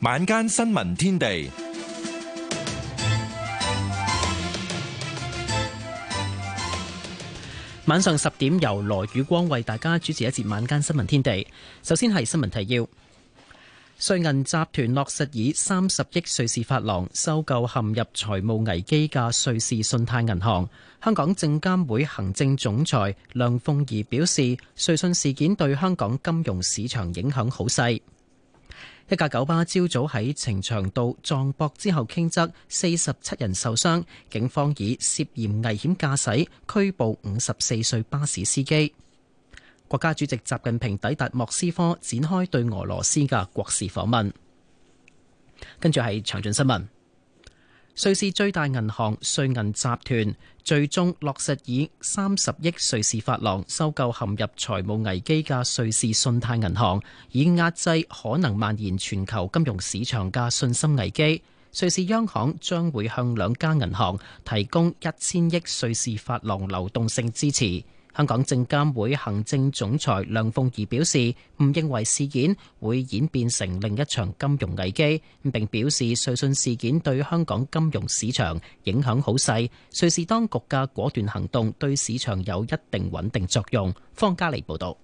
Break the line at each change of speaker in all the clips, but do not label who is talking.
晚間新聞天地，
晚上十點由羅宇光為大家主持一節晚間新聞天地。首先係新聞提要：瑞銀集團落實以三十億瑞士法郎收購陷入財務危機嘅瑞士信貸銀行。香港證監會行政總裁梁鳳儀表示，瑞信事件對香港金融市場影響好細。一架九巴朝早喺呈祥道撞博之後傾側，四十七人受傷。警方以涉嫌危險駕駛拘捕五十四歲巴士司機。國家主席習近平抵達莫斯科，展開對俄羅斯嘅國事訪問。跟住係詳盡新聞。瑞士最大銀行瑞銀集團。最終落實以三十億瑞士法郎收購陷入財務危機嘅瑞士信貸銀行，以壓制可能蔓延全球金融市場嘅信心危機。瑞士央行將會向兩家銀行提供一千億瑞士法郎流動性支持。香港證監會行政總裁梁鳳儀表示，唔認為事件會演變成另一場金融危機，並表示瑞信事件對香港金融市場影響好細，瑞士當局嘅果斷行動對市場有一定穩定作用。方嘉莉報道，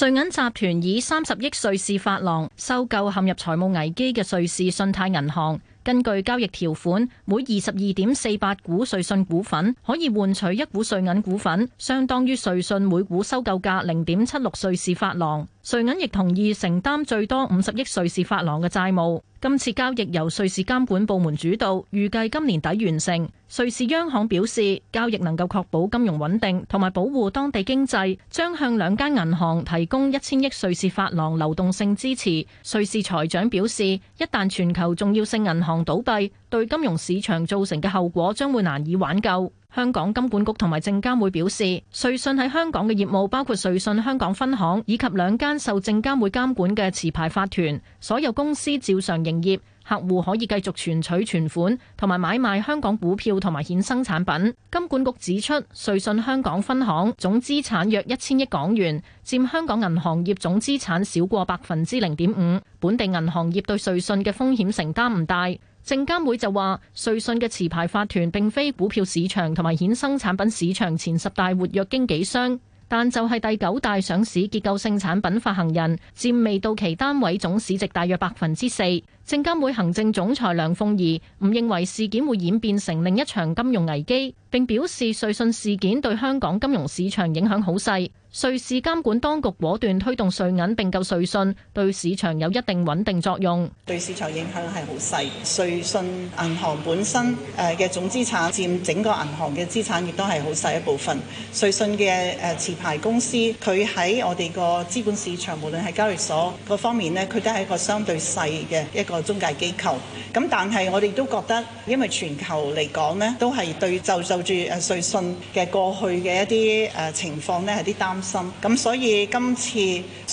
瑞銀集團以三十億瑞士法郎收購陷入財務危機嘅瑞士信貸銀行。根據交易條款，每二十二點四八股瑞信股份可以換取一股瑞銀股份，相當於瑞信每股收購價零點七六瑞士法郎。瑞銀亦同意承擔最多五十億瑞士法郎嘅債務。今次交易由瑞士監管部門主導，預計今年底完成。瑞士央行表示，交易能夠確保金融穩定，同埋保護當地經濟，將向兩間銀行提供一千億瑞士法郎流動性支持。瑞士財長表示，一旦全球重要性銀行倒閉，對金融市場造成嘅後果將會難以挽救。香港金管局同埋證監會表示，瑞信喺香港嘅業務包括瑞信香港分行以及兩間受證監會監管嘅持牌法團，所有公司照常營業，客戶可以繼續存取存款同埋買賣香港股票同埋衍生產品。金管局指出，瑞信香港分行總資產約一千億港元，佔香港銀行業總資產少過百分之零點五，本地銀行業對瑞信嘅風險承擔唔大。證監會就話，瑞信嘅持牌法團並非股票市場同埋衍生產品市場前十大活躍經紀商，但就係第九大上市結構性產品發行人，佔未到期單位總市值大約百分之四。證監會行政總裁梁鳳儀唔認為事件會演變成另一場金融危機，並表示瑞信事件對香港金融市場影響好細。瑞士監管當局果斷推動瑞銀併購瑞信，對市場有一定穩定作用。
對市場影響係好細，瑞信銀行本身誒嘅總資產占整個銀行嘅資產亦都係好細一部分。瑞信嘅誒持牌公司，佢喺我哋個資本市場，無論係交易所嗰方面咧，佢都係一個相對細嘅一個中介機構，咁但係我哋都覺得，因為全球嚟講咧，都係對就就住誒瑞信嘅過去嘅一啲誒情況咧係啲擔心。咁所以今次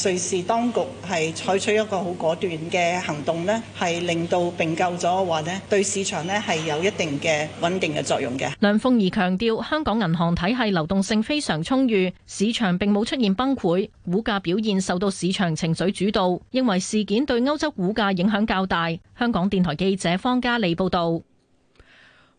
瑞士當局係採取一個好果斷嘅行動咧，係令到併購咗嘅話咧，對市場咧係有一定嘅穩定嘅作用嘅。
梁鳳儀強調，香港銀行體系流動性非常充裕，市場並冇出現崩潰，股價表現受到市場情緒主導，認為事件對歐洲股價影響較大。香港電台記者方嘉莉報道。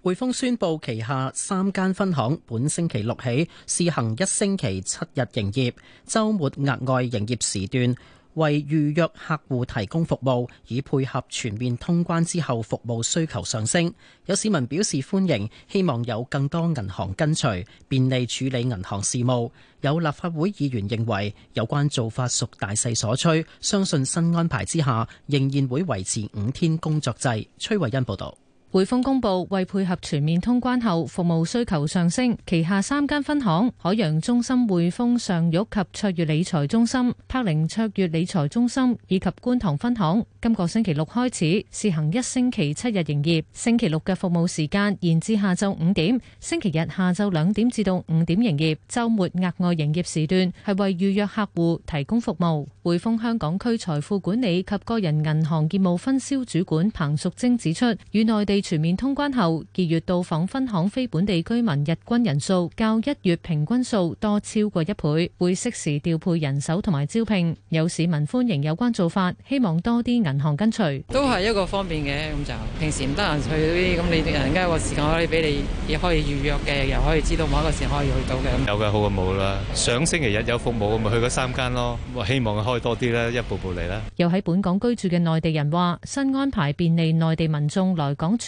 匯豐宣布旗下三間分行本星期六起試行一星期七日營業，周末額外營業時段為預約客戶提供服務，以配合全面通關之後服務需求上升。有市民表示歡迎，希望有更多銀行跟隨，便利處理銀行事務。有立法會議員認為，有關做法屬大勢所趨，相信新安排之下仍然會維持五天工作制。崔慧欣報道。
匯豐公布，為配合全面通關後服務需求上升，旗下三間分行——海洋中心、匯豐上玉及卓越理財中心、柏林卓越理財中心以及觀塘分行，今個星期六開始試行一星期七日營業。星期六嘅服務時間延至下晝五點，星期日下晝兩點至到五點營業。周末額外營業時段係為預約客戶提供服務。匯豐香港區財富管理及個人銀行業務分銷主管彭淑貞指出，與內地，全面通關後，二月到訪分行非本地居民日均人數較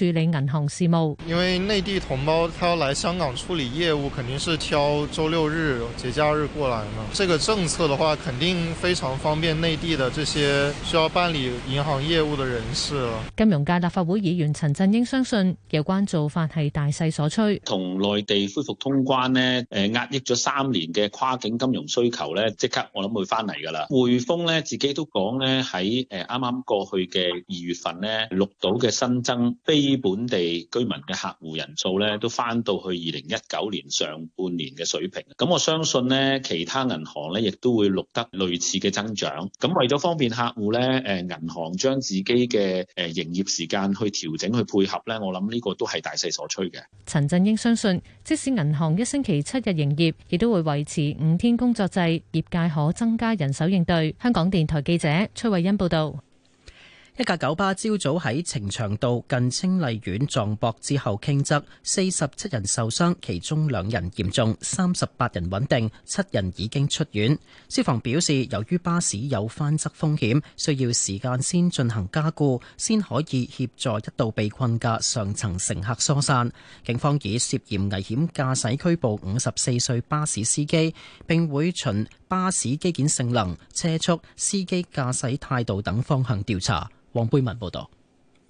處理銀行事務，
因為內地同胞他要來香港處理業務，肯定是挑周六日節假日過來嘛。這個政策的話，肯定非常方便內地的這些需要辦理銀行業務的人士了。
金融界立法會議員陳振英相信有關做法係大勢所趨，
同內地恢復
通關呢，誒壓抑咗三年嘅跨境金融需求呢，即刻我諗會翻嚟噶啦。匯豐呢，自己都講呢，喺誒啱啱過去嘅二月份呢，錄到嘅新增非本地居民嘅客戶人數咧，都翻到去二零一九年上半年嘅水平。咁我相信呢，其他銀行咧，亦都會錄得類似嘅增長。咁為咗方便客戶咧，誒，銀行將自己嘅誒營業時間去調整去配合咧，我諗呢個都係大勢所趨嘅。
陳振英相信，即使銀行一星期七日營業，亦都會維持五天工作制，業界可增加人手應對。香港電台記者崔慧欣報道。
一架九巴朝早喺呈祥道近清麗苑撞博之後傾側，四十七人受傷，其中兩人嚴重，三十八人穩定，七人已經出院。消防表示，由於巴士有翻側風險，需要時間先進行加固，先可以協助一度被困嘅上層乘客疏散。警方以涉嫌危險駕駛拘捕五十四歲巴士司機，並會循巴士機件性能、車速、司機駕駛態度等方向調查。黃貝文報道，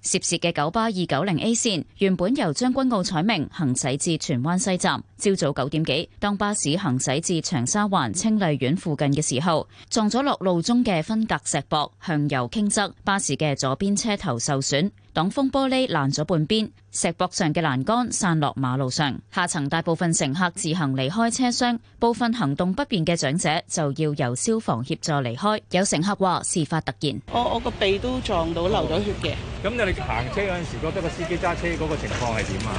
涉事嘅九巴二九零 A 線原本由將軍澳彩明行駛至荃灣西站，朝早九點幾，當巴士行駛至長沙灣清麗苑附近嘅時候，撞咗落路中嘅分隔石壆，向右傾側，巴士嘅左邊車頭受損。擋風玻璃爛咗半邊，石壆上嘅欄杆散落馬路上。下層大部分乘客自行離開車廂，部分行動不便嘅長者就要由消防協助離開。有乘客話事發突然，
我我個鼻都撞到流咗血嘅。咁、哦、你行車嗰陣時，覺得個司機揸車嗰個情況係點啊？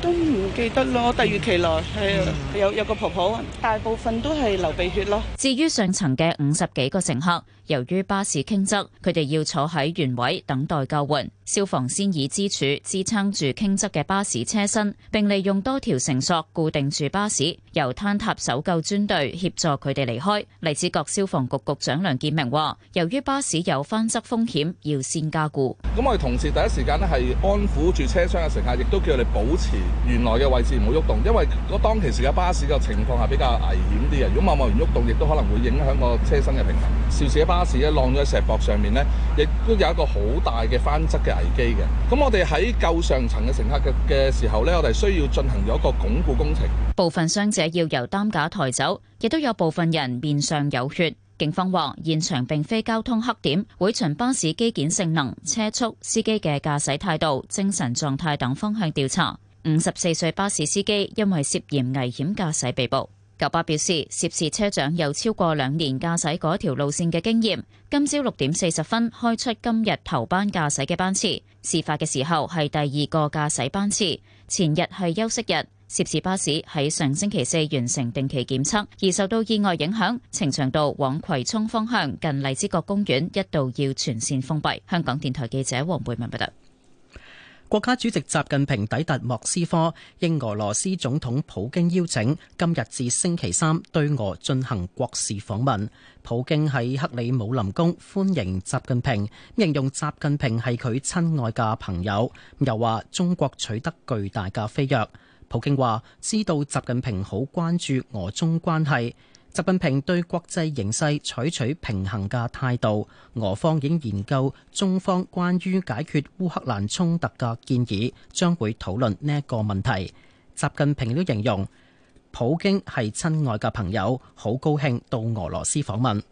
都唔記得咯，
突如其來係有有個婆婆，
大部分都係流鼻血咯。嗯、至於上層嘅五十幾個乘客，由於巴士傾側，佢哋要坐喺原位等待救援。消防先以支柱支撐住傾側嘅巴士車身，並利用多條繩索固定住巴士，由坍塌搜救專隊協助佢哋離開。荔枝角消防局局長梁建明話：由於巴士有翻側風險，要先加固。
咁我哋同事第一時間咧係安撫住車廂嘅乘客，亦都叫佢哋保持原來嘅位置唔好喐動，因為嗰當其時嘅巴士嘅情況下比較危險啲嘅。如果貿貿然喐動，亦都可能會影響個車身嘅平衡。肇事嘅巴士咧，晾咗喺石壆上面呢，亦都有一個好大嘅翻側嘅。危機嘅，咁我哋喺救上層嘅乘客嘅嘅時候呢，我哋需要進行一個鞏固工程。
部分傷者要由擔架抬走，亦都有部分人面上有血。警方話現場並非交通黑點，會循巴士機件性能、車速、司機嘅駕駛態度、精神狀態等方向調查。五十四歲巴士司機因為涉嫌危險駕駛被捕。九巴表示，涉事車長有超過兩年駕駛嗰條路線嘅經驗。今朝六點四十分開出今日頭班駕駛嘅班次，事發嘅時候係第二個駕駛班次。前日係休息日，涉事巴士喺上星期四完成定期檢測，而受到意外影響，呈祥道往葵涌方向近荔枝角公園一度要全線封閉。香港電台記者黃貝文報道。國家主席習近平抵達莫斯科，應俄羅斯總統普京邀
請，今日至星期三對俄進行國事訪問。普京喺克里姆林宮歡迎習近平，形容習近平係佢親愛嘅朋友，又話中國取得巨大嘅飛躍。普京話知道習近平好關注俄中關係。習近平對國際形勢採取平衡嘅態度，俄方已經研究中方關於解決烏克蘭衝突嘅建議，將會討論呢一個問題。習近平都形容普京係親愛嘅朋友，好高興到俄羅斯訪問。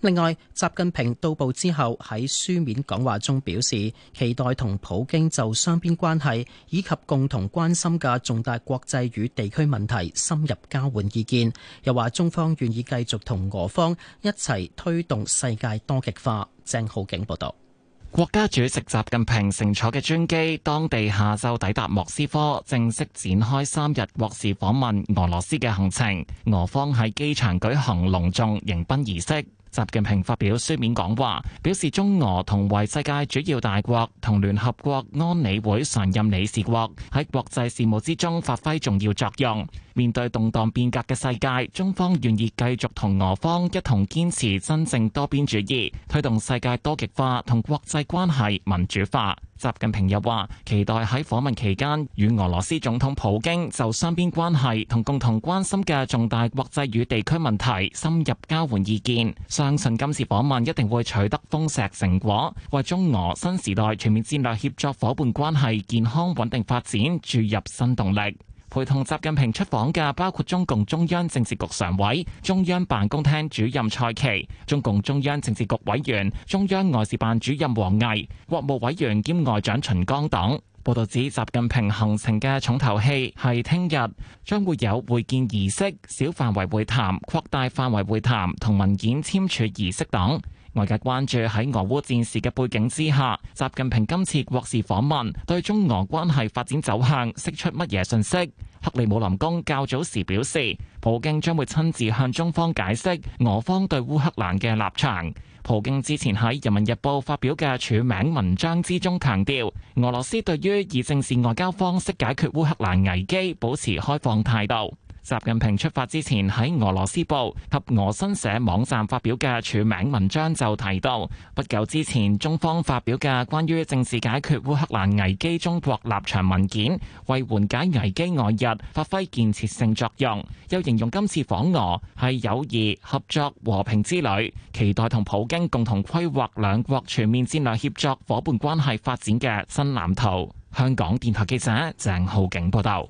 另外，習近平到埗之後喺書面講話中表示，期待同普京就雙邊關係以及共同關心嘅重大國際與地區問題深入交換意見。又話中方願意繼續同俄方一齊推動世界
多極化。鄭浩景報道：「國家主席習近平乘坐嘅專機當地下晝抵達莫斯科，正式展開三日國事訪問俄羅斯嘅行程。俄方喺機場舉行隆重迎賓儀式。習近平發表書面講話，表示中俄同為世界主要大國，同聯合國安理會常任理事國，喺國際事務之中發揮重要作用。面對動盪變革嘅世界，中方願意繼續同俄方一同堅持真正多邊主義，推動世界多極化同國際關係民主化。習近平又話，期待喺訪問期間與俄羅斯總統普京就雙邊關係同共同關心嘅重大國際與地區問題深入交換意見，相信今次訪問一定會取得豐碩成果，為中俄新時代全面戰略協作伙伴關係健康穩定發展注入新動力。陪同習近平出訪嘅包括中共中央政治局常委、中央辦公廳主任蔡奇、中共中央政治局委員、中央外事辦主任王毅、國務委員兼外長秦剛等。報道指，習近平行程嘅重頭戲係聽日將會有會見儀式、小範圍會談、擴大範圍會談同文件簽署儀式等。外界關注喺俄烏戰事嘅背景之下，習近平今次國事訪問對中俄關係發展走向釋出乜嘢信息？克里姆林宮較早時表示，普京將會親自向中方解釋俄方對烏克蘭嘅立場。普京之前喺《人民日報》發表嘅署名文章之中強調，俄羅斯對於以政治外交方式解決烏克蘭危機保持開放態度。習近平出發之前喺俄羅斯報及俄新社網站發表嘅署名文章就提到，不久之前中方發表嘅關於政治解決烏克蘭危機中國立場文件，為緩解危機外日發揮建設性作用。又形容今次訪俄係友誼、合作、和平之旅，期待同普京共同規劃兩國全面戰略協作伙伴關係發展嘅新藍圖。香港電台記者鄭浩景報道。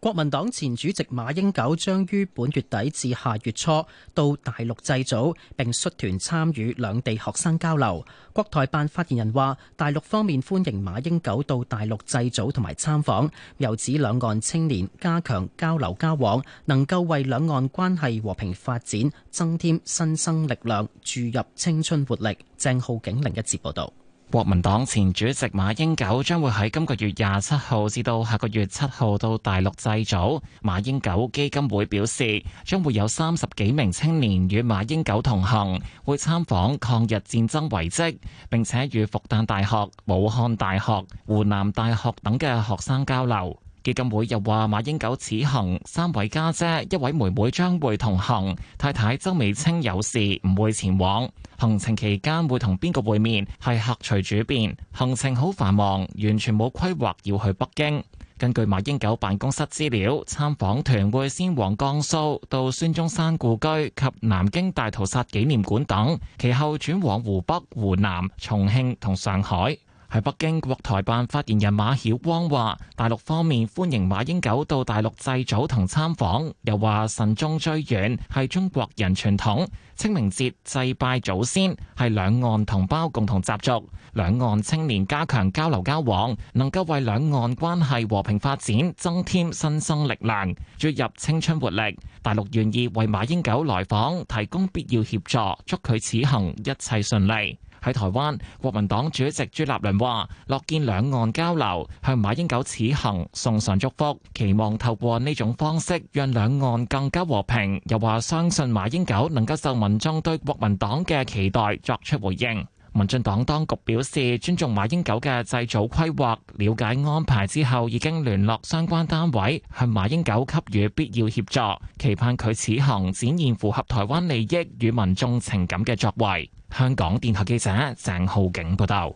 國民黨前主席馬英九將於本月底至下月初到大陸祭祖，並率團參與兩地學生交流。國台辦發言人話，大陸方面歡迎馬英九到大陸祭祖同埋參訪，又指兩岸青年加強交流交往，能夠為兩岸關係和平發展增添新生力量，
注入青春活力。鄭浩景另一節報道。國民黨前主席馬英九將會喺今個月廿七號至到下個月七號到大陸祭祖。馬英九基金會表示，將會有三十幾名青年與馬英九同行，會參訪抗日戰爭遺跡，並且與復旦大學、武漢大學、湖南大學等嘅學生交流。基金會又話，日日馬英九此行三位家姐、一位妹妹將會同行，太太周美青有事唔會前往。行程期間會同邊個會面係客隨主便，行程好繁忙，完全冇規劃要去北京。根據馬英九辦公室資料，參訪團會先往江蘇到孫中山故居及南京大屠殺紀念館等，其後轉往湖北、湖南、重慶同上海。喺北京，國台辦發言人馬曉光話：大陸方面歡迎馬英九到大陸祭祖同參訪，又話慎終追遠係中國人傳統，清明節祭拜祖先係兩岸同胞共同習俗，兩岸青年加強交流交往，能夠為兩岸關係和平發展增添新生力量，注入青春活力。大陸願意為馬英九來訪提供必要協助，祝佢此行一切順利。喺台灣，國民黨主席朱立倫話，樂見兩岸交流，向馬英九此行送上祝福，期望透過呢種方式讓兩岸更加和平。又話相信馬英九能夠受民眾對國民黨嘅期待作出回應。民進黨當局表示尊重馬英九嘅祭祖規劃，了解安排之後已經聯絡相關單位向馬英九給予必要協助，期盼佢此行展現符合台灣利益與民眾情感嘅作為。香港電台記者鄭浩景報道，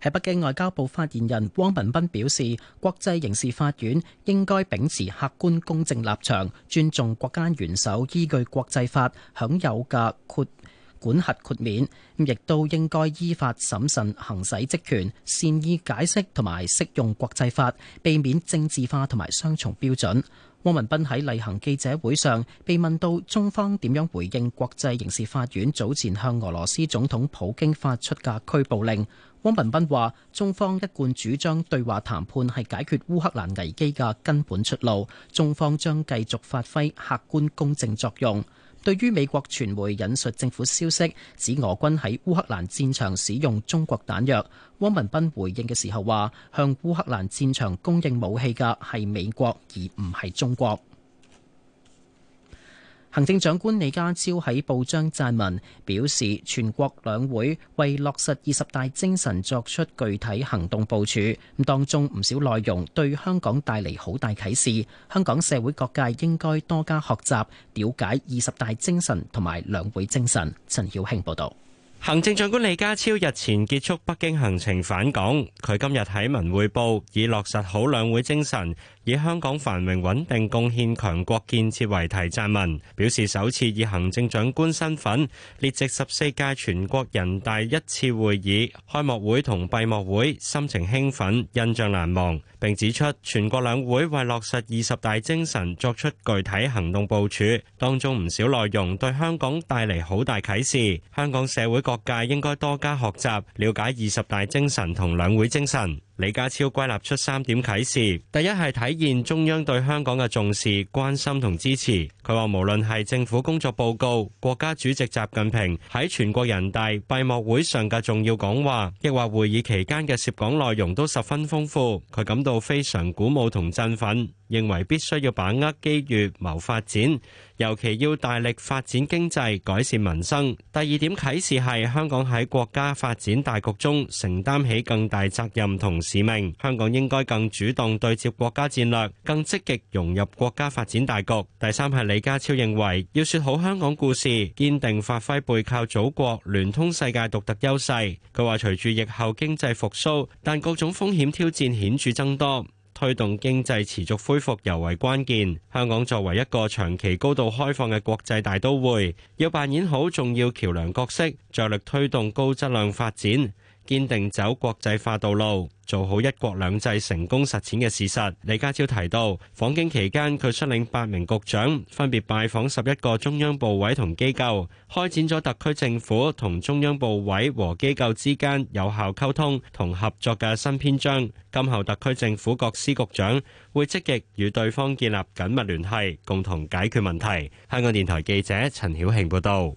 喺北
京，外交部發
言人汪文斌表示，國際刑事法院應該秉持客觀公正立場，尊重國家元首依據國際法享有嘅豁管轄豁免，亦都應該依法審慎行使職權，善意解釋同埋適用國際法，避免政治化同埋雙重標準。汪文斌喺例行記者會上被問到中方點樣回應國際刑事法院早前向俄羅斯總統普京發出嘅拘捕令，汪文斌話：中方一貫主張對話談判係解決烏克蘭危機嘅根本出路，中方將繼續發揮客觀公正作用。對於美國傳媒引述政府消息，指俄軍喺烏克蘭戰場使用中國彈藥，汪文斌回應嘅時候話：向烏克蘭戰場供應武器嘅係美國，而唔係中國。行政長官李家超喺報章撰文表示，全國兩會為落實二十大精神作出具體行動部署，咁當中唔少內容對香港帶嚟好大啟示，香港社會各界應該多加學習，了解二十大精神同埋兩會精神。陳曉
慶報導，行政長官李家超日前結束北京行程返港，佢今日喺文匯報已落實好兩會精神，以香港繁榮穩定、貢獻強國建設為題撰文，表示首次以行政長官身份列席十四屆全國人大一次會議開幕會同閉幕會，心情興奮、印象難忘。並指出全國兩會為落實二十大精神作出具體行動部署，當中唔少內容對香港帶嚟好大啟示，香港社會各界應該多加學習，了解二十大精神同兩會精神。李家超歸納出三點啟示：第一係體現中央對香港嘅重視、關心同支持。佢話無論係政府工作報告、國家主席習近平喺全國人大閉幕會上嘅重要講話，亦或會議期間嘅涉港內容都十分豐富。佢感到非常鼓舞同振奮。認為必須要把握機遇謀發展，尤其要大力發展經濟、改善民生。第二點啟示係香港喺國家發展大局中承擔起更大責任同使命，香港應該更主動對接國家戰略，更積極融入國家發展大局。第三係李家超認為，要說好香港故事，堅定發揮背靠祖國、聯通世界獨特優勢。佢話隨住疫後經濟復甦，但各種風險挑戰顯著增多。推動經濟持續恢復，尤為關鍵。香港作為一個長期高度開放嘅國際大都會，要扮演好重要橋樑角色，着力推動高質量發展。堅定走國際化道路，做好一國兩制成功實踐嘅事實。李家超提到，訪京期間佢率領八名局長，分別拜訪十一個中央部委同機構，開展咗特區政府同中央部委和機構之間有效溝通同合作嘅新篇章。今後特區政府各司局長會積極與對方建立緊密聯繫，共同解決問題。香港電台記者陳曉慶報道。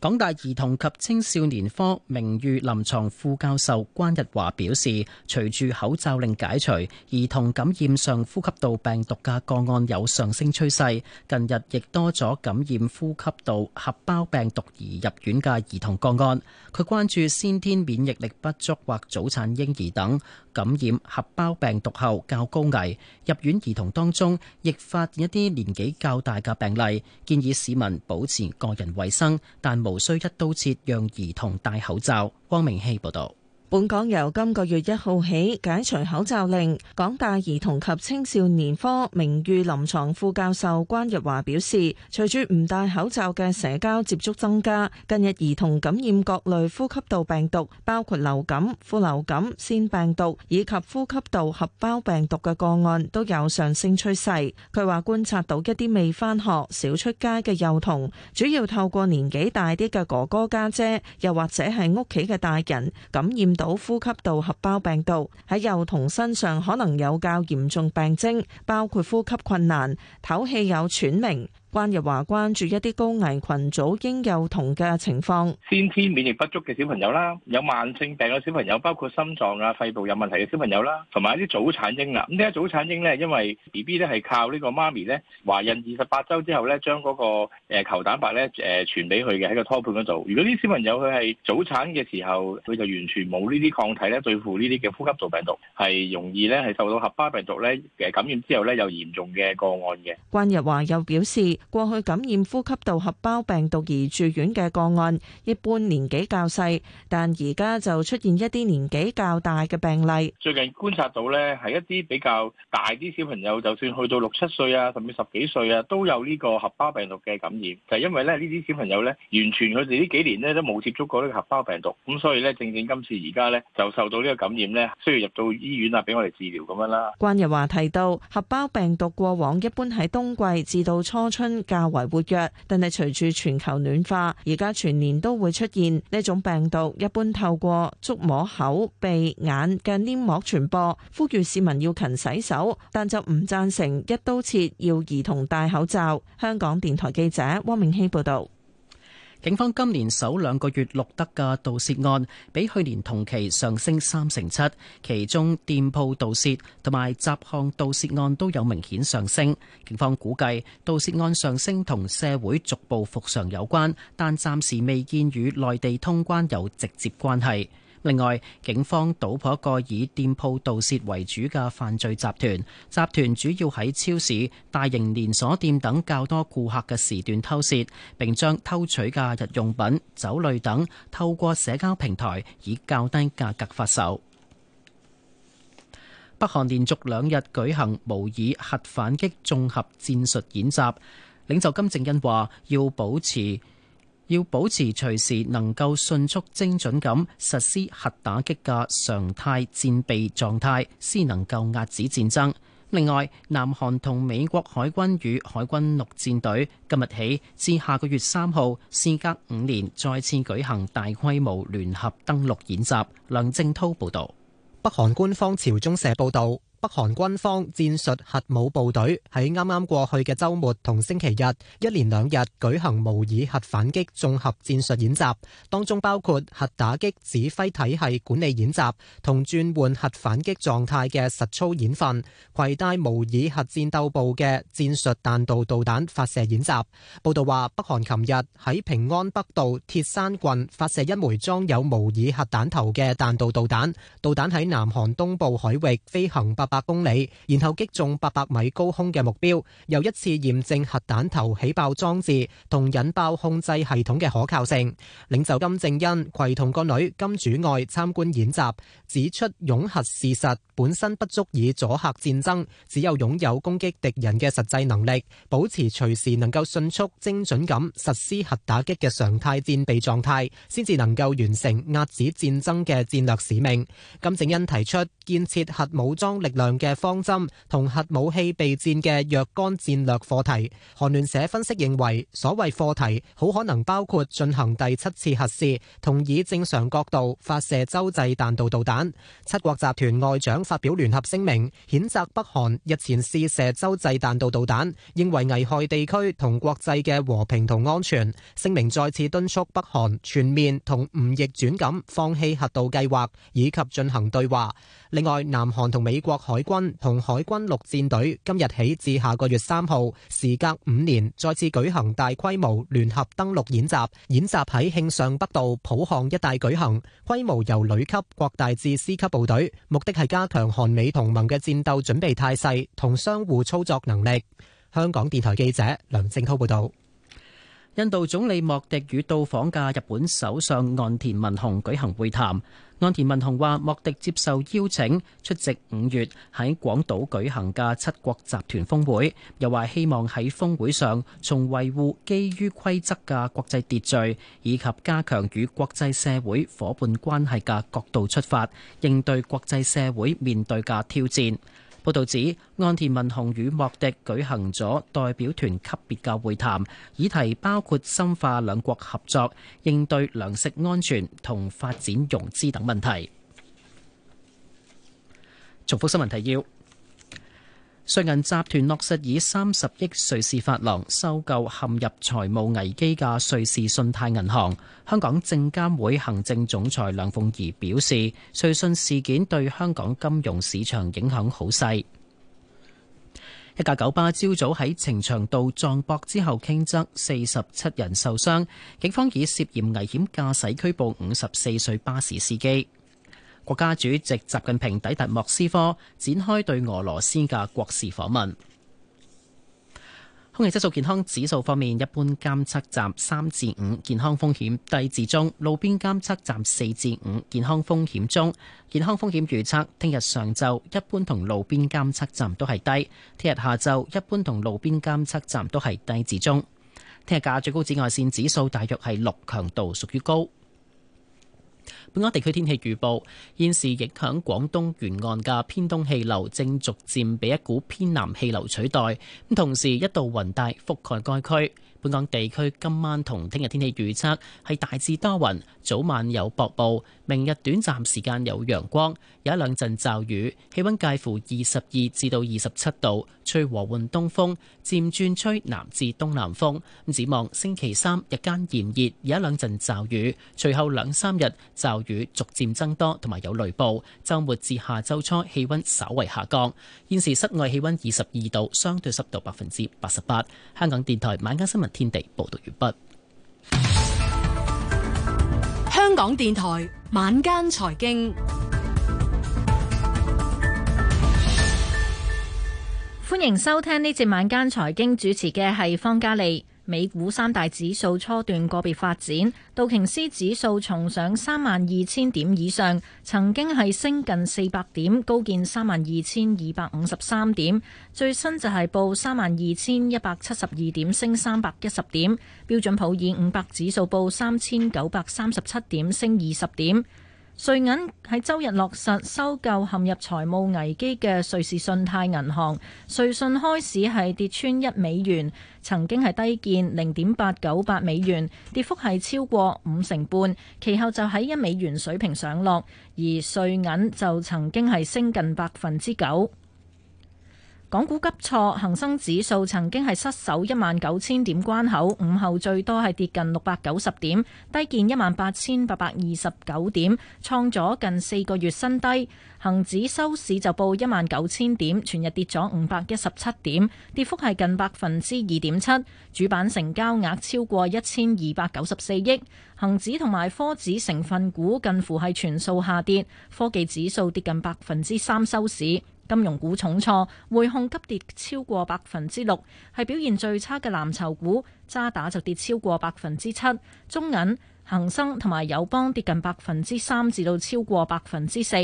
港大
兒童及青少年科名譽臨床副教授關日華表示，隨住口罩令解除，兒童感染上呼吸道病毒嘅個案有上升趨勢。近日亦多咗感染呼吸道合胞病毒而入院嘅兒童個案。佢關注先天免疫力不足或早產嬰兒等感染合胞病毒後較高危。入院兒童當中，亦發現一啲年紀較大嘅病例。建議市民保持個人衞生，但無需一刀切，讓兒童戴口罩。汪明熙報道。
本港由今個月一號起解除口罩令，港大兒童及青少年科名譽臨床副教授關日華表示，隨住唔戴口罩嘅社交接觸增加，近日兒童感染各類呼吸道病毒，包括流感、副流感、腺病毒以及呼吸道合胞病毒嘅個案都有上升趨勢。佢話觀察到一啲未返學、少出街嘅幼童，主要透過年紀大啲嘅哥哥家姐，又或者係屋企嘅大人感染。到呼吸道合胞病毒喺幼童身上可能有較嚴重病徵，包括呼吸困難、唞氣有喘鳴。關日華關注一啲高危群組嬰幼童嘅情
況，先天免疫不足嘅小朋友啦，有慢性病嘅小朋友，包括心臟啊、肺部有問題嘅小朋友啦，同埋一啲早產嬰啦。咁呢一早產嬰咧，因為 B B 咧係靠呢個媽咪咧懷孕二十八周之後咧，將嗰個誒球蛋白咧誒傳俾佢嘅喺個胎盤嗰度。如果啲小朋友佢係早產嘅時候，佢就完全冇呢啲抗體咧對付呢啲嘅呼吸道病毒，係容易咧係受到合胞病毒咧誒感染之後咧有嚴重嘅個案嘅。
關日華又表示。過去感染呼吸道合胞病毒而住院嘅個案，一般年紀較細，但而家就出現一啲年紀較大嘅病例。
最近觀察到呢係一啲比較大啲小朋友，就算去到六七歲啊，甚至十幾歲啊，都有呢個合胞病毒嘅感染。就因為咧呢啲小朋友呢，完全佢哋呢幾年呢都冇接觸過呢個合胞病毒，咁所以呢正正今次而家呢就受到呢個感染呢，需要入到醫院啊，俾我哋治療咁樣啦。
關日華提到，合胞病毒過往一般喺冬季至到初春，較為活躍，但係隨住全球暖化，而家全年都會出現呢種病毒。一般透過觸摸口、鼻、眼嘅黏膜傳播。呼籲市民要勤洗手，但就唔贊成一刀切要兒童戴口罩。香港電台記者汪明希報道。警方今年
首兩個月錄得嘅盜竊案比去年同期上升三成七，其中店鋪盜竊同埋雜項盜竊案都有明顯上升。警方估計盜竊案上升同社會逐步復常有關，但暫時未見與內地通關有直接關係。另外，警方搗破一個以店鋪盜竊為主嘅犯罪集團，集團主要喺超市、大型連鎖店等較多顧客嘅時段偷竊，並將偷取嘅日用品、酒類等透過社交平台以較低價格發售。北韓連續兩日舉行模擬核反擊綜合戰術演習，領袖金正恩話要保持。要保持隨時能夠迅速精準咁實施核打擊嘅常態戰備狀態，先能夠壓止戰爭。另外，南韓同美國海軍與海軍陸戰隊今日起至下個月三號，事隔五年再
次舉行大規模聯合登陸演習。梁正滔報導。北韓官方朝中社報導。北韓軍方戰術核武部隊喺啱啱過去嘅週末同星期日一連兩日舉行模擬核反擊綜合戰術演習，當中包括核打擊指揮體系管理演習同轉換核反擊狀態嘅實操演訓，攜帶模擬核戰鬥部嘅戰術彈道導彈發射演習。報道話，北韓琴日喺平安北道鐵山郡發射一枚裝有模擬核彈頭嘅彈道導彈，導彈喺南韓東部海域飛行北百公里，然後擊中八百米高空嘅目標，又一次驗證核彈頭起爆裝置同引爆控制系統嘅可靠性。領袖金正恩攜同個女金主愛參觀演習，指出擁核事實本身不足以阻嚇戰爭，只有擁有攻擊敵人嘅實際能力，保持隨時能夠迅速精準咁實施核打擊嘅常態戰備狀態，先至能夠完成壓止戰爭嘅戰略使命。金正恩提出建設核武裝力。量嘅方針同核武器備戰嘅若干戰略課題。韓聯社分析認為，所謂課題好可能包括進行第七次核試同以正常角度發射洲際彈道導彈。七國集團外長發表聯合聲明，譴責北韓日前試射洲際彈道導彈，認為危害地區同國際嘅和平同安全。聲明再次敦促北韓全面同唔逆轉咁放棄核導計劃，以及進行對話。另外，南韓同美國海軍同海軍陸戰隊今日起至下個月三號，時隔五年再次舉行大規模聯合登陸演習，演習喺慶尚北道浦項一帶舉行，規模由旅級擴大至師級部隊，目的係加強韓美同盟嘅戰鬥準備態勢同相互操作能力。香港電台記者梁正濤報導。印度總理莫迪與到訪嘅日本
首相岸田文雄舉行會談。岸田文雄話，莫迪接受邀請出席五月喺廣島舉行嘅七國集團峰會，又話希望喺峰會上從維護基於規則嘅國際秩序以及加強與國際社會夥伴關係嘅角度出發，應對國際社會面對嘅挑戰。報道指，岸田文雄與莫迪舉行咗代表團級別嘅會談，議題包括深化兩國合作、應對糧食安全同發展融資等問題。重複新聞提要。瑞銀集團落實以三十億瑞士法郎收購陷入財務危機嘅瑞士信貸銀行。香港證監會行政總裁梁鳳儀表示，瑞信事件對香港金融市場影響好細。一架九巴朝早喺呈祥道撞壆之後傾側，四十七人受傷。警方以涉嫌危險駕駛拘捕五十四歲巴士司機。國家主席習近平抵達莫斯科，展開對俄羅斯嘅國事訪問。空氣質素健康指數方面，一般監測站三至五，健康風險低至中；路邊監測站四至五，健康風險中。健康風險預測：聽日上晝一般同路邊監測站都係低；聽日下晝一般同路邊監測站都係低至中。聽日嘅最高紫外綫指數大約係六，強度屬於高。本港地區天氣預報，現時影響廣東沿岸嘅偏東氣流正逐漸被一股偏南氣流取代，咁同時一道雲帶覆蓋該區。本港地區今晚同聽日天氣預測係大致多雲，早晚有薄霧，明日短暫時間有陽光，有一兩陣驟雨，氣溫介乎二十二至到二十七度，吹和緩東風漸轉吹南至東南風，咁展望星期三日間炎熱，有一兩陣驟雨，隨後兩三日驟雨逐漸增多，同埋有雷暴。周末至下周初氣溫稍為下降。現時室外氣溫二十二度，相對濕度百分之八十八。香港電台晚間新聞。天地報道完畢。
香港電台晚間財經，
歡迎收聽呢節晚間財經，主持嘅係方嘉莉。美股三大指數初段個別發展，道瓊斯指數重上三萬二千點以上，曾經係升近四百點，高見三萬二千二百五十三點，最新就係報三萬二千一百七十二點，升三百一十點。標準普爾五百指數報三千九百三十七點，升二十點。瑞銀喺周日落實收購陷入財務危機嘅瑞士信貸銀行，瑞信開始係跌穿一美元，曾經係低見零點八九八美元，跌幅係超過五成半，其後就喺一美元水平上落，而瑞銀就曾經係升近百分之九。港股急挫，恒生指數曾經係失守一萬九千點關口，午後最多係跌近六百九十點，低見一萬八千八百二十九點，創咗近四個月新低。恒指收市就報一萬九千點，全日跌咗五百一十七點，跌幅係近百分之二點七。主板成交額超過一千二百九十四億。恒指同埋科指成分股近乎係全數下跌，科技指數跌近百分之三收市。金融股重挫，匯控急跌超過百分之六，係表現最差嘅藍籌股。渣打就跌超過百分之七，中銀。恒生同埋友邦跌近百分之三至到超過百分之四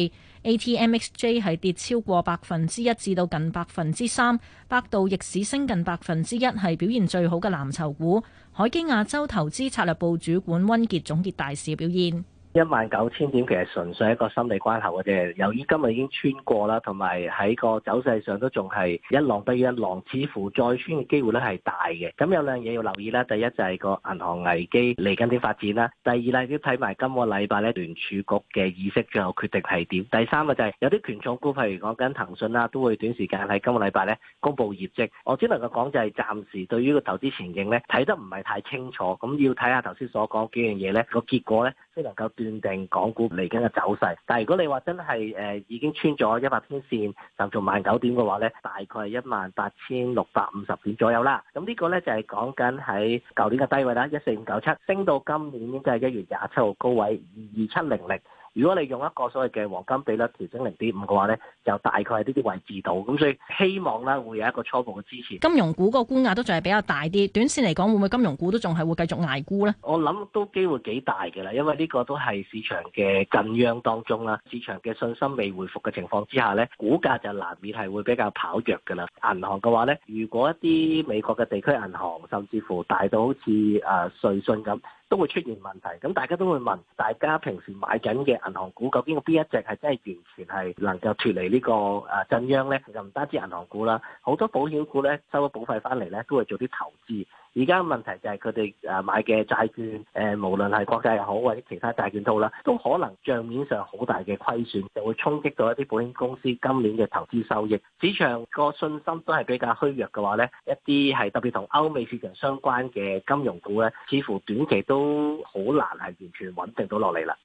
，ATMXJ 係跌超過百分之一至到近百分之三，百度逆市升近百分之一，係表現最好嘅藍籌股。海基亞洲投資策略部主管溫傑總結大
市表現。一萬九千點其實純粹係一個心理關口嘅啫，由於今日已經穿過啦，同埋喺個走勢上都仲係一浪低一浪，似乎再穿嘅機會咧係大嘅。咁有兩樣嘢要留意啦，第一就係個銀行危機嚟緊點發展啦，第二咧要睇埋今個禮拜咧聯儲局嘅意識最後決定係點。第三個就係有啲權重股，譬如講緊騰訊啦，都會短時間喺今個禮拜咧公佈業績。我只能夠講就係暫時對於個投資前景咧睇得唔係太清楚，咁要睇下頭先所講幾樣嘢咧個結果咧。即能夠斷定港股嚟緊嘅走勢，但係如果你話真係誒、呃、已經穿咗一百天線，甚至萬九點嘅話呢大概係一萬八千六百五十點左右啦。咁呢個呢，就係講緊喺舊年嘅低位啦，一四五九七升到今年應該係一月廿七號高位二二七零零。如果你用一個所謂嘅黃金比率調整零點五嘅話咧，就大概喺呢啲位置度，咁所以希望咧會有一個初步嘅支持。金
融股嗰個估價都仲係比較大啲，短線嚟講會唔會金融股都仲係會繼續捱沽咧？
我諗都機會幾大嘅啦，因為呢個都係市場嘅震央當中啦，市場嘅信心未回復嘅情況之下咧，股價就難免係會比較跑弱嘅啦。銀行嘅話咧，如果一啲美國嘅地區銀行，甚至乎大到好似誒瑞信咁。都會出現問題，咁大家都會問，大家平時買緊嘅銀行股，究竟邊一隻係真係完全係能夠脫離呢個誒、啊、震央呢？又唔單止銀行股啦，好多保險股呢，收咗保費翻嚟呢，都會做啲投資。而家問題就係佢哋誒買嘅債券，誒、呃、無論係國債又好或者其他債券套啦，都可能帳面上好大嘅虧損，就會衝擊到一啲保險公司今年嘅投資收益。市場個信心都係比較虛弱嘅話咧，一啲係特別同歐美市場相關嘅金融股咧，似乎短期都好難係完全穩定到落嚟啦。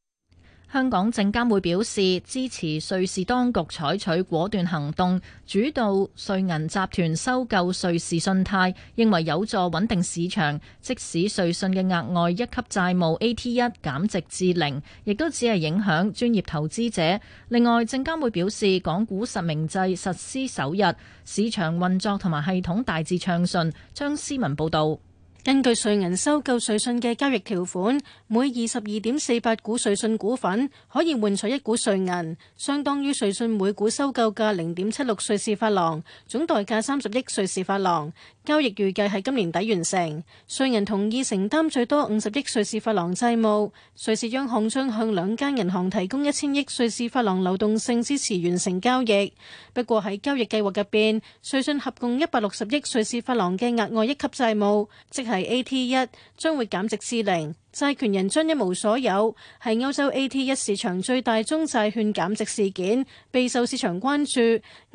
香港證監會表示支持瑞士當局採取果斷行動，主導瑞銀集團收購瑞士信貸，認為有助穩定市場，即使瑞信嘅額外一級債務 AT1 減值至零，亦都只係影響專業投資者。另外，證監會表示，港股實名制實施首日，市場運作同埋系統大致暢順，張思文報道。根據瑞銀收購瑞信嘅交易條款，每二十二
點四八股瑞信股份可以換取一股瑞銀，相當於瑞信每股收購價零點七六瑞士法郎，總代價三十億瑞士法郎。交易預計喺今年底完成，瑞銀同意承擔最多五十億瑞士法郎債務，瑞士央行將向兩間銀行提供一千億瑞士法郎流動性支持完成交易。不過喺交易計劃入邊，瑞信合共一百六十億瑞士法郎嘅額外一級債務，即係 AT 一將會減值至零，債權人將一無所有，係歐洲 AT 一市場最大宗債券減值事件，備受市場關注。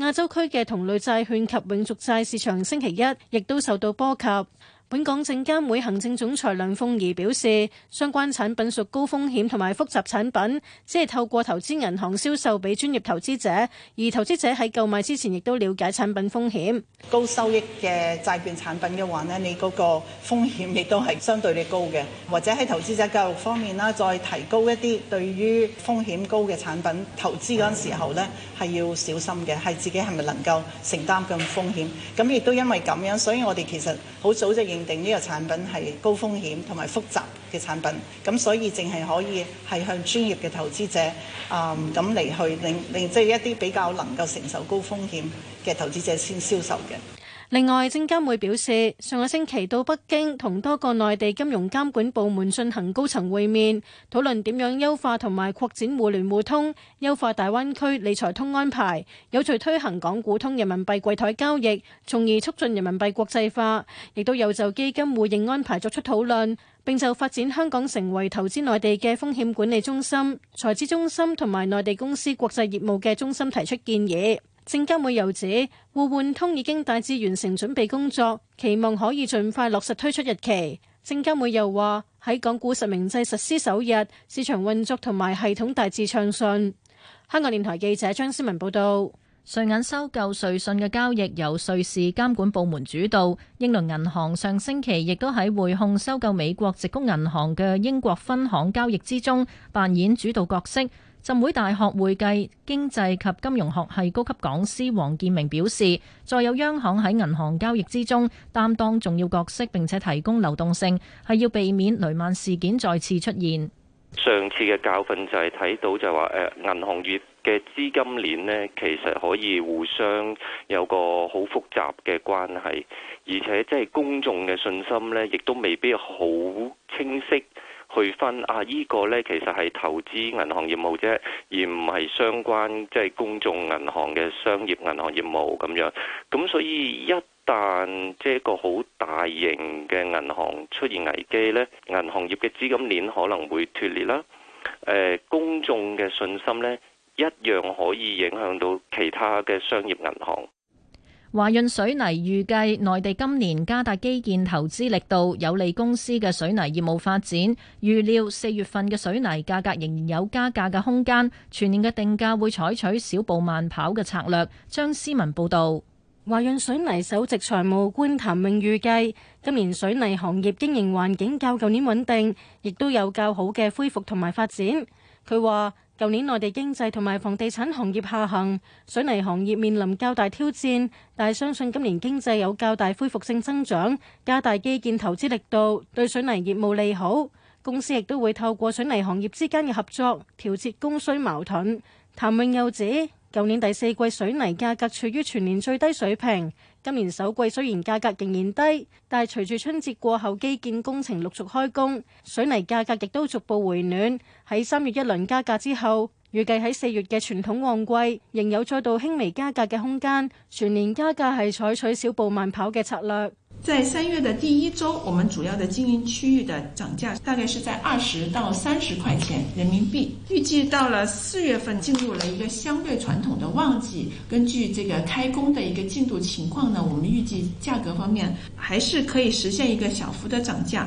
亞洲區嘅同類債券及永續債市場星期一亦都受到波及。本港證監會行政總裁梁鳳儀表示，相關產品屬高風險同埋複雜產品，即係透過投資銀行銷售俾專業投資者，而
投資者喺購買之前亦都了解產品風險。高收益嘅債券產品嘅話咧，你嗰個風險亦都係相對你高嘅，或者喺投資者教育方面啦，再提高一啲對於風險高嘅產品投資嗰陣時候咧，係要小心嘅，係自己係咪能夠承擔咁風險？咁亦都因為咁樣，所以我哋其實好早就認定呢個產品係高風險同埋複雜嘅產品，咁所以淨係可以係向專業嘅投資者啊，咁嚟去令令即係一啲比較能夠承受高風險嘅投資者先銷售嘅。
另外，證監會表示，上個星期到北京同多個內地金融監管部門進行高層會面，討論點樣優化同埋擴展互聯互通，優化大灣區理財通安排，有序推行港股通人民幣櫃台交易，從而促進人民幣國際化。亦都有就基金互認安排作出討論，並就發展香港成為投資內地嘅風險管理中心、財資中心同埋內地公司國際業務嘅中心提出建議。證監會又指互換通已經大致完成準備工作，期望可以盡快落實推出日期。證監會又話喺港股實名制實施首日，
市場運作同埋系統大致暢順。香港電台記者張思文報道。瑞銀收購瑞信嘅交易由瑞士監管部門主導，英倫銀行上星期亦都喺匯控收購美國矽谷銀行嘅英國分行交易之中扮演主導角色。浸會大學會計、經濟及金融學系高級講師黃建明表示，再有央行喺銀行交易之中擔當重要角色，並且提供流動性，係要避免雷曼事件再次出現。
上次嘅教訓就係睇到就係話，誒、呃，銀行業嘅資金鏈呢，其實可以互相有個好複雜嘅關係，而且即係公眾嘅信心呢，亦都未必好清晰。去分啊！依、這個咧其實，係投資銀行業務啫，而唔係相關即係、就是、公眾銀行嘅商業銀行業務咁樣，咁所以一旦即係、就是、一個好大型嘅銀行出現危機咧，銀行業嘅資金鏈可能會脫裂啦。誒、呃、公眾嘅信心咧一樣可以影響到其他嘅商業銀行。
華潤水泥預計內地今年加大基建投資力度，有利公司嘅水泥業務發展。預料四月份嘅水泥價格仍然有加價嘅空間，全年嘅定價會採取小步慢跑嘅策略。張思文報道，華潤水泥首席財務官譚穎預計，
今年水泥行業經營環境較舊年穩定，亦都有較好嘅恢復同埋發展。佢話。舊年內地經濟同埋房地產行業下行，水泥行業面臨較大挑戰，但係相信今年經濟有較大恢復性增長，加大基建投資力度，對水泥業務利好。公司亦都會透過水泥行業之間嘅合作，調節供需矛盾。譚永又指，舊年第四季水泥價格處於全年最低水平。今年首季雖然價格仍然低，但係隨住春節過後基建工程陸續開工，水泥價格亦都逐步回暖。喺三月一輪加價之後，預計喺四月嘅傳統旺季，仍有再度輕微加價嘅空間。全年加價係採取小步慢跑嘅策略。在三月的
第一周，我們主要的經營區域的漲價大概是在二十到三十塊錢人民幣。預計到了四月份進入了一個相對傳統的旺季，根據這個開工的一個進度情況呢，我們預計價格方面還是可以實現一個小幅的漲價。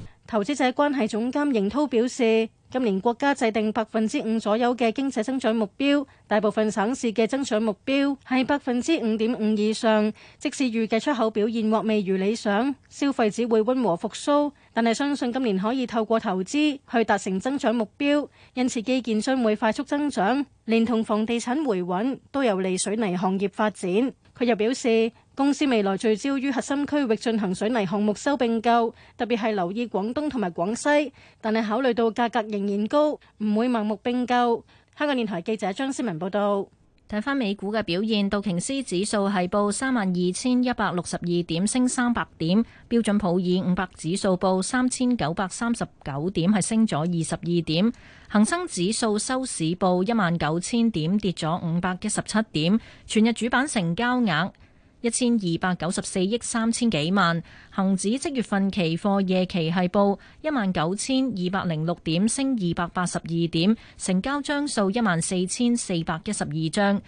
投資者
關係總監邢濤表示，今年國家制定百分之五左右嘅經濟增長目標，大部分省市嘅增長目標係百分之五點五以上。即使預計出口表現或未如理想，消費只會溫和復甦，但係相信今年可以透過投資去達成增長目標。因此基建將會快速增長，連同房地產回穩，都有利水泥行業發展。佢又表示。公司未來聚焦於核心區域進行水泥項目收併購，特別係留意廣東同埋廣西。但係考慮到價格仍然高，唔會盲目併購。香港電台記者
張思文報道。睇返美股嘅表現，道瓊斯指數係報三萬二千一百六十二點，升三百點；標準普爾五百指數報三千九百三十九點，係升咗二十二點；恒生指數收市報一萬九千點，跌咗五百一十七點。全日主板成交額。一千二百九十四億三千幾萬，恒指即月份期貨夜期係報一萬九千二百零六點，升二百八十二點，成交張數一萬四千四百一十二張。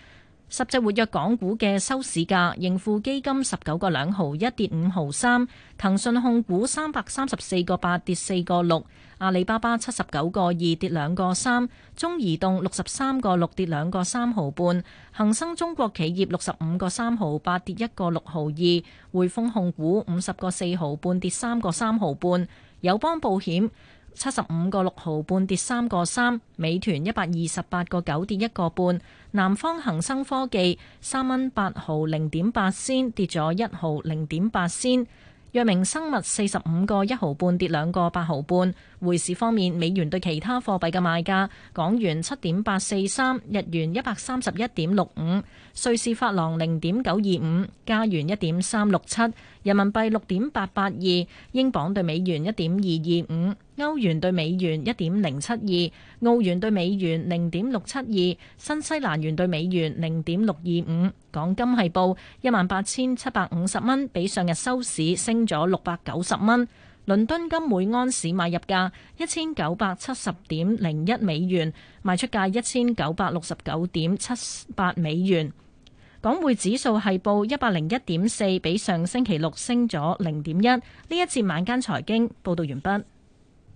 十隻活躍港股嘅收市價，盈富基金十九個兩毫一跌五毫三，3, 騰訊控股三百三十四個八跌四個六，6, 阿里巴巴七十九個二跌兩個三，3, 中移動六十三個六跌兩個三毫半，恒生中國企業六十五個三毫八跌一個六毫二，2, 匯豐控股五十個四毫半跌三個三毫半，友邦保險七十五個六毫半跌三個三，3. 3, 美團一百二十八個九跌一個半。南方恒生科技三蚊八毫零點八仙跌咗一毫零點八仙，藥明生物四十五個一毫半跌兩個八毫半。匯市方面，美元對其他貨幣嘅賣價：港元七點八四三，日元一百三十一點六五，瑞士法郎零點九二五，加元一點三六七，人民幣六點八八二，英鎊對美元一點二二五。歐元對美元一點零七二，澳元對美元零點六七二，新西蘭元對美元零點六二五。港金係報一萬八千七百五十蚊，比上日收市升咗六百九十蚊。倫敦金每安士買入價一千九百七十點零一美元，賣出價一千九百六十九點七八美元。港匯指數係報一百零一點四，比上星期六升咗零點一。呢一次晚間財經報道完畢。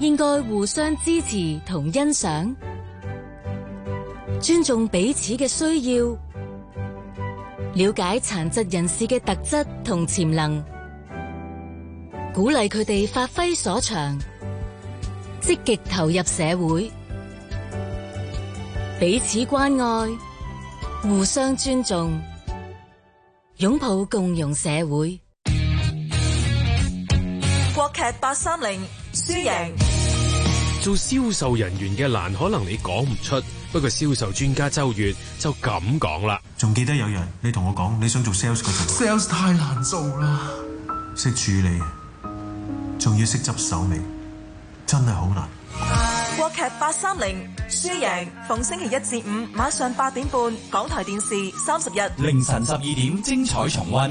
應該互相支持同欣賞，尊重彼此嘅需要，了解殘疾人士嘅特質同潛能，鼓勵佢哋發揮所長，積極投入社會，彼此關愛，互相尊重，擁抱共融社會。
國劇八三零。輸贏，輸
贏做銷售人員嘅難可能你講唔出，不過銷售專家周月就咁講啦。仲記得有人你同我講你想做 sales sales 太難做啦，
識處理，仲要識執手尾，真係好難。
國劇八三零輸贏逢星期一至五晚上八點半，港台電視三十日凌晨十二
點精彩重溫。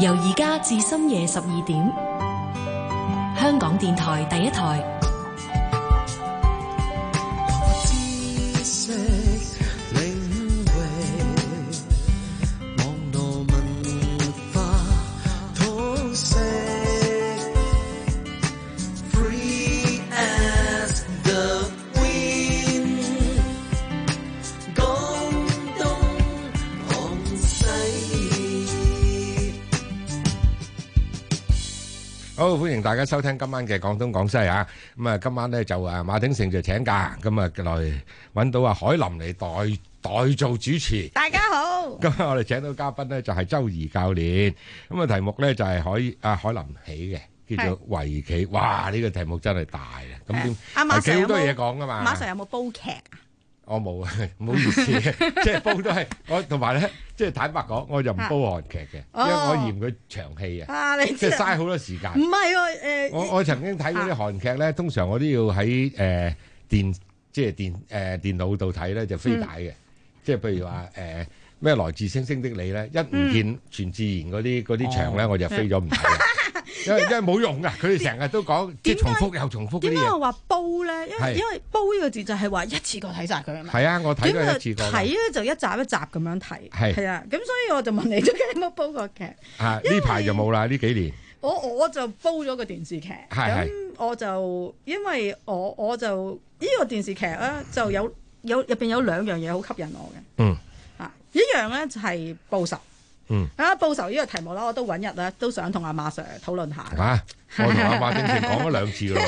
由而家至深夜十二點，香港電台第一台。
好歡迎大家收聽今晚嘅廣東廣西啊，咁啊今晚咧就啊馬鼎盛就請假，咁啊嚟揾到啊海林嚟代代做主持。大家好，今日我哋請到嘉賓咧就係周怡教練，咁啊題目咧就係海阿海林起嘅，叫做圍棋。哇，呢個題目真係大啊！咁點？阿馬 Sir 有冇？馬 Sir 有冇
煲劇？
我冇啊，唔好意思， 即係煲都係我同埋咧，即係坦白講，我就唔煲韓劇嘅，哦、因為我嫌佢長戲長氣啊，即係嘥好多時間。唔
係喎，呃、我我
曾經睇啲韓劇咧，通常我都要喺誒、呃、電即係電誒、呃、電腦度睇咧，就飛帶嘅，即係譬如話誒咩來自星星的你咧，一唔見全智賢嗰啲嗰啲場咧，嗯、我就飛咗唔睇。嗯 因為因為冇用噶，佢哋成日都講，即重複又重複。點解我
話煲咧？因為因為煲呢個字就係話一次過睇晒佢啊嘛。係啊，我睇咗一次過。睇咧就一集一集咁樣睇。係啊，咁所以我就問你，最近有冇煲過劇？
呢排就冇啦，呢幾年。
我我就煲咗個電視劇，咁我就因為我我就呢個電視劇咧就有有入邊有兩樣嘢好吸引我嘅。嗯。一樣咧就係報仇。嗯，啊報仇呢個
題目啦，我都揾日咧都想同阿馬 sir 討論下。啊，
我同阿馬正前講咗兩次咯。